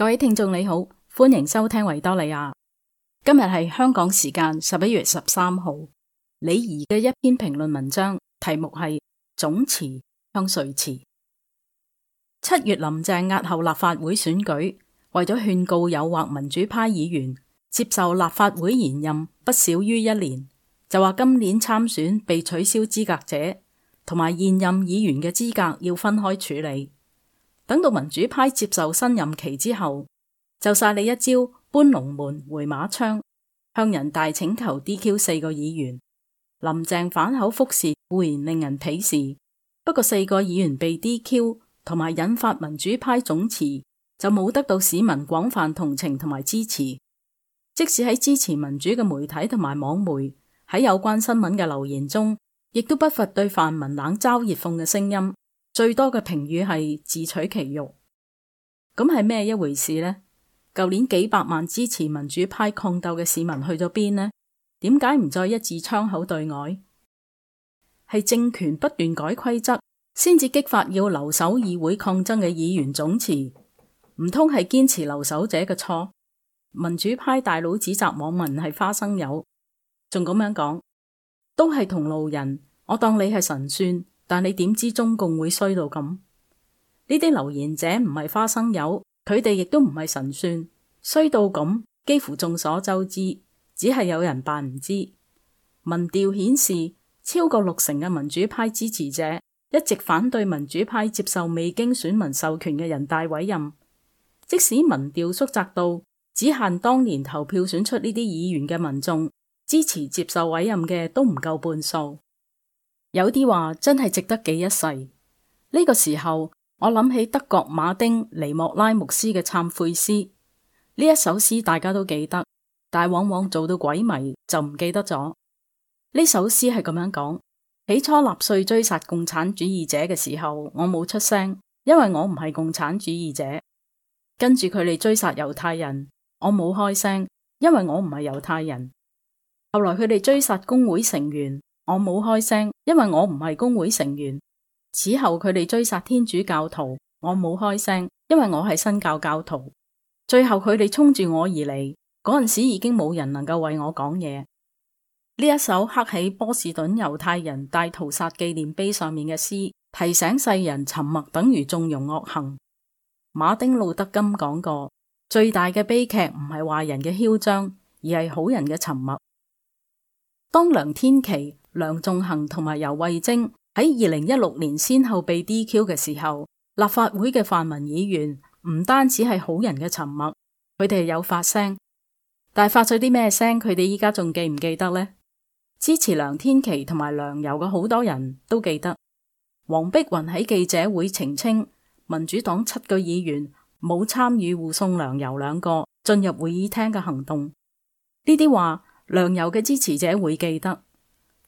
各位聽眾你好，歡迎收聽維多利亞。今日係香港時間十一月十三號，李怡嘅一篇評論文章題目係總辭向誰辭。七月林鄭押後立法會選舉，為咗勸告誘惑民主派議員接受立法會延任不少於一年，就話今年參選被取消資格者同埋現任議員嘅資格要分開處理。等到民主派接受新任期之後，就晒你一招搬龍門回馬槍，向人大請求 DQ 四個議員。林鄭反口覆舌固然令人鄙視，不過四個議員被 DQ 同埋引發民主派總辭，就冇得到市民廣泛同情同埋支持。即使喺支持民主嘅媒體同埋網媒喺有關新聞嘅留言中，亦都不乏對泛民冷嘲熱諷嘅聲音。最多嘅評語係自取其辱，咁係咩一回事呢？舊年幾百萬支持民主派抗鬥嘅市民去咗邊呢？點解唔再一致窗口對外？係政權不斷改規則，先至激發要留守議會抗爭嘅議員總辭。唔通係堅持留守者嘅錯？民主派大佬指責網民係花生友，仲咁樣講，都係同路人，我當你係神算。但你點知中共會衰到咁？呢啲留言者唔係花生友，佢哋亦都唔係神算，衰到咁，幾乎眾所周知，只係有人扮唔知。民調顯示，超過六成嘅民主派支持者一直反對民主派接受未經選民授權嘅人大委任，即使民調縮窄到只限當年投票選出呢啲議員嘅民眾，支持接受委任嘅都唔夠半數。有啲話真係值得記一世。呢個時候，我諗起德國馬丁尼莫拉牧師嘅懺悔詩。呢一首詩大家都記得，但往往做到鬼迷就唔記得咗。呢首詩係咁樣講：起初納粹追殺共產主義者嘅時候，我冇出聲，因為我唔係共產主義者；跟住佢哋追殺猶太人，我冇開聲，因為我唔係猶太人；後來佢哋追殺工會成員。我冇開聲，因為我唔係工會成員。此後佢哋追殺天主教徒，我冇開聲，因為我係新教教徒。最後佢哋衝住我而嚟，嗰陣時已經冇人能夠為我講嘢。呢一首刻喺波士頓猶太人大屠殺紀念碑上面嘅詩，提醒世人沉默等於縱容惡行。馬丁路德金講過，最大嘅悲劇唔係壞人嘅囂張，而係好人嘅沉默。當梁天琦、梁仲恒同埋游惠貞喺二零一六年先後被 DQ 嘅時候，立法會嘅泛民議員唔單止係好人嘅沉默，佢哋有發聲，但係發咗啲咩聲，佢哋依家仲記唔記得呢？支持梁天琦同埋梁游嘅好多人都記得。黃碧雲喺記者會澄清，民主黨七個議員冇參與護送梁游兩個進入會議廳嘅行動。呢啲話，梁游嘅支持者會記得。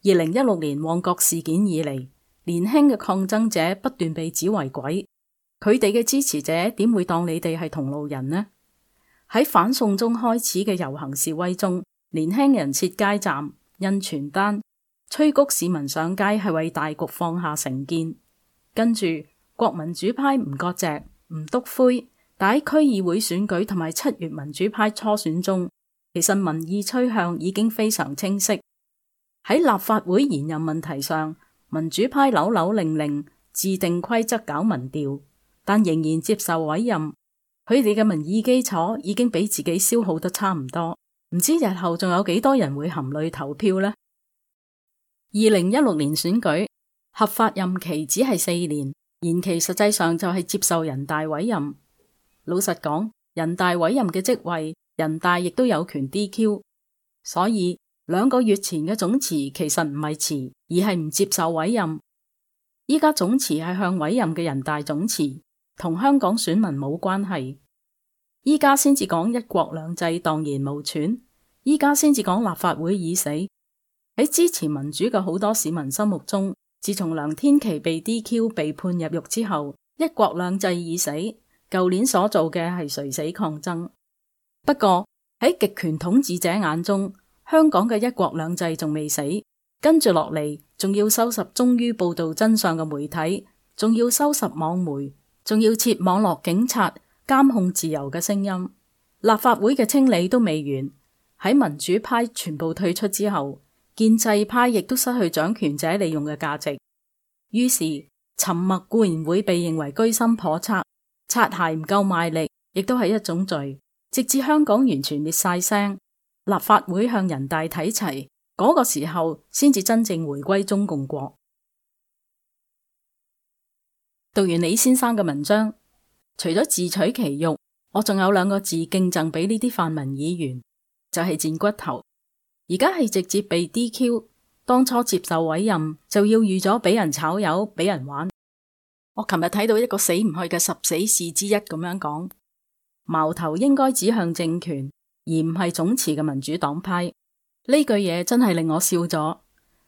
二零一六年旺角事件以嚟，年輕嘅抗爭者不斷被指為鬼，佢哋嘅支持者點會當你哋係同路人呢？喺反送中開始嘅遊行示威中，年輕人設街站、印傳單、催谷市民上街，係為大局放下成見。跟住，國民主派唔割席、唔篤灰，喺區議會選舉同埋七月民主派初選中，其實民意趨向已經非常清晰。喺立法會延任問題上，民主派扭扭令令，自定規則搞民調，但仍然接受委任。佢哋嘅民意基礎已經俾自己消耗得差唔多，唔知日後仲有幾多人會含淚投票呢？二零一六年選舉合法任期只係四年，延期實際上就係接受人大委任。老實講，人大委任嘅職位，人大亦都有權 DQ，所以。兩個月前嘅總辭其實唔係辭，而係唔接受委任。依家總辭係向委任嘅人大總辭，同香港選民冇關係。依家先至講一國兩制蕩然無存，依家先至講立法會已死。喺支持民主嘅好多市民心目中，自從梁天琦被 DQ 被判入獄之後，一國兩制已死。舊年所做嘅係垂死抗爭。不過喺極權統治者眼中。香港嘅一國兩制仲未死，跟住落嚟仲要收拾忠於報道真相嘅媒體，仲要收拾網媒，仲要設網絡警察監控自由嘅聲音。立法會嘅清理都未完，喺民主派全部退出之後，建制派亦都失去掌權者利用嘅價值。於是沉默固然會被認為居心叵測，擦鞋唔夠賣力亦都係一種罪。直至香港完全滅晒聲。立法會向人大睇齊嗰個時候，先至真正回歸中共國。讀完李先生嘅文章，除咗自取其辱，我仲有兩個字敬贈俾呢啲泛民議員，就係賤骨頭。而家係直接被 DQ，當初接受委任就要預咗俾人炒魷、俾人玩。我琴日睇到一個死唔去嘅十死事之一咁樣講，矛頭應該指向政權。而唔係總辭嘅民主黨派呢句嘢，真係令我笑咗。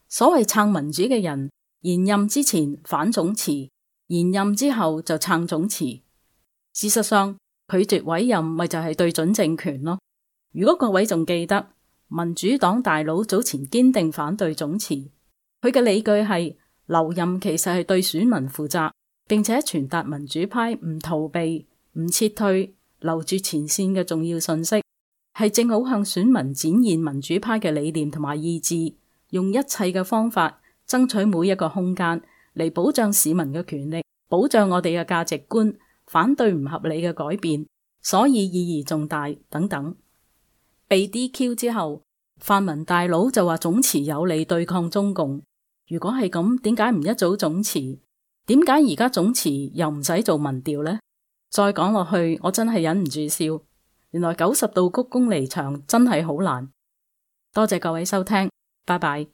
所謂撐民主嘅人，延任之前反總辭，延任之後就撐總辭。事實上，拒絕委任咪就係對準政權咯。如果各位仲記得民主黨大佬早前堅定反對總辭，佢嘅理據係留任其實係對選民負責，並且傳達民主派唔逃避、唔撤退、留住前線嘅重要信息，係正好向選民展現民主派嘅理念同埋意志，用一切嘅方法爭取每一個空間，嚟保障市民嘅權利，保障我哋嘅價值觀，反對唔合理嘅改變，所以意義重大等等。被 DQ 之後，泛民大佬就話總辭有利對抗中共。如果係咁，點解唔一早總辭？點解而家總辭又唔使做民調呢？再講落去，我真係忍唔住笑。原來九十度鞠躬離場真係好難，多謝各位收聽，拜拜。